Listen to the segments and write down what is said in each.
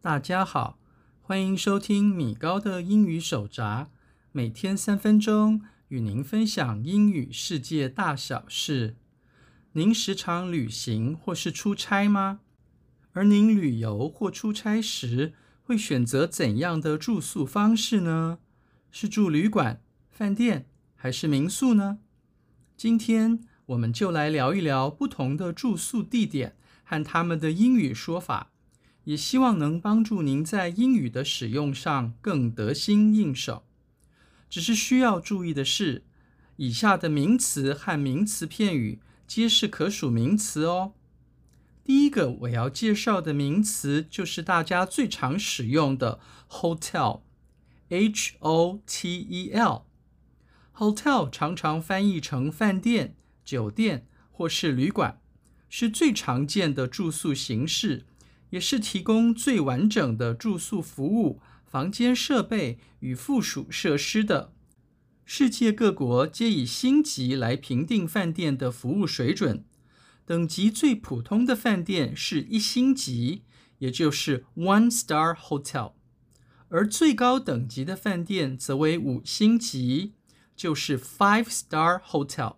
大家好，歡迎收聽米高的英語手札，每天三分鐘與您分享英語世界大小事。您時常旅行或是出差嗎？而您旅遊或出差時會選擇怎樣的住宿方式呢？是住旅館、飯店還是民宿呢？今天。我們就來聊一聊不同的住宿地點，和它們的英語說法，也希望能幫助您在英語的使用上更得心應手。只是需要注意的是，以下的名詞和名詞片語皆是可數名詞哦。第一個我要介紹的名詞就是大家最常使用的 hotel，H-O-T-E-L。hotel 常常翻譯成飯店。酒店、或是旅館，是最常見的住宿形式，也是提供最完整的住宿服務、房間設備與附屬設施的。世界各國皆以星級來評定飯店的服務水準，等級最普通的飯店是一星級，也就是 One Star Hotel，而最高等級的飯店則為五星級，就是 Five Star Hotel。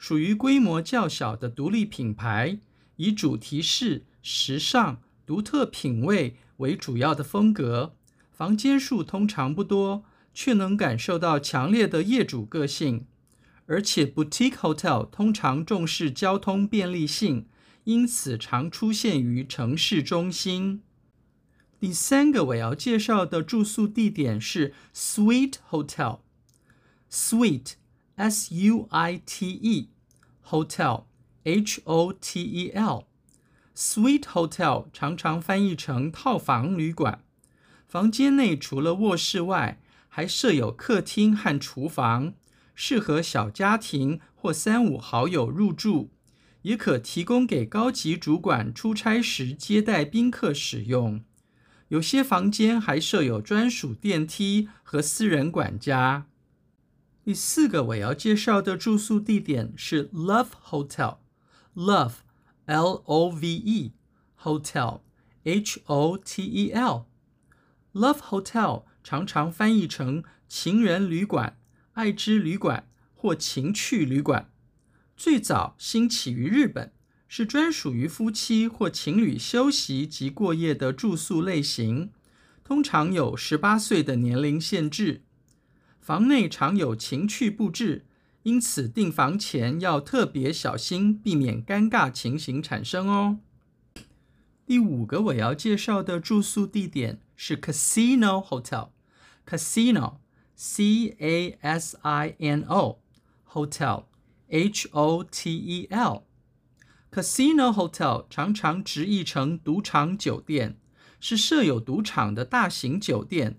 屬於規模較小的獨立品牌，以主題式、時尚、獨特品味為主要的風格。房間數通常不多，卻能感受到強烈的業主個性。而且，boutique hotel 通常重視交通便利性，因此常出現於城市中心。第三個我要介紹的住宿地點是 suite hotel suite S U I T E hotel, hotel H O T E L suite hotel，常常翻譯成套房旅館。房間內除了臥室外，還設有客廳和廚房，適合小家庭或三五好友入住，也可提供給高級主管出差時接待賓客使用。有些房間還設有專屬電梯和私人管家。第四個我要介紹的住宿地點是 Love Hotel，Love，L-O-V-E，Hotel，H-O-T-E-L，Love Hotel 常常翻譯成情人旅館、愛之旅館或情趣旅館。最早興起於日本，是專屬於夫妻或情侶休息及過夜的住宿類型，通常有十八歲的年齡限制。房內常有情趣佈置，因此訂房前要特別小心，避免尷尬情形產生哦。第五個我要介紹的住宿地點是 Casino Hotel，Casino，C A S I N O，Hotel，H O T E L，Casino Hotel 常常直譯成賭場酒店，是設有賭場的大型酒店。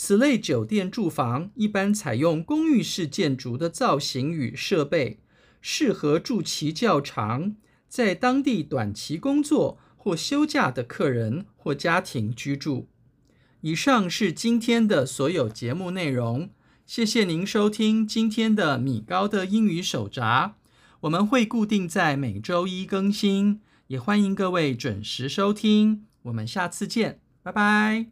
此類酒店住房一般採用公寓式建築的造型與設備，適合住期較長、在當地短期工作或休假的客人或家庭居住。以上是今天的所有節目內容，謝謝您收聽今天的米高的英語手札。我們會固定在每周一更新，也歡迎各位準時收聽。我們下次見，拜拜。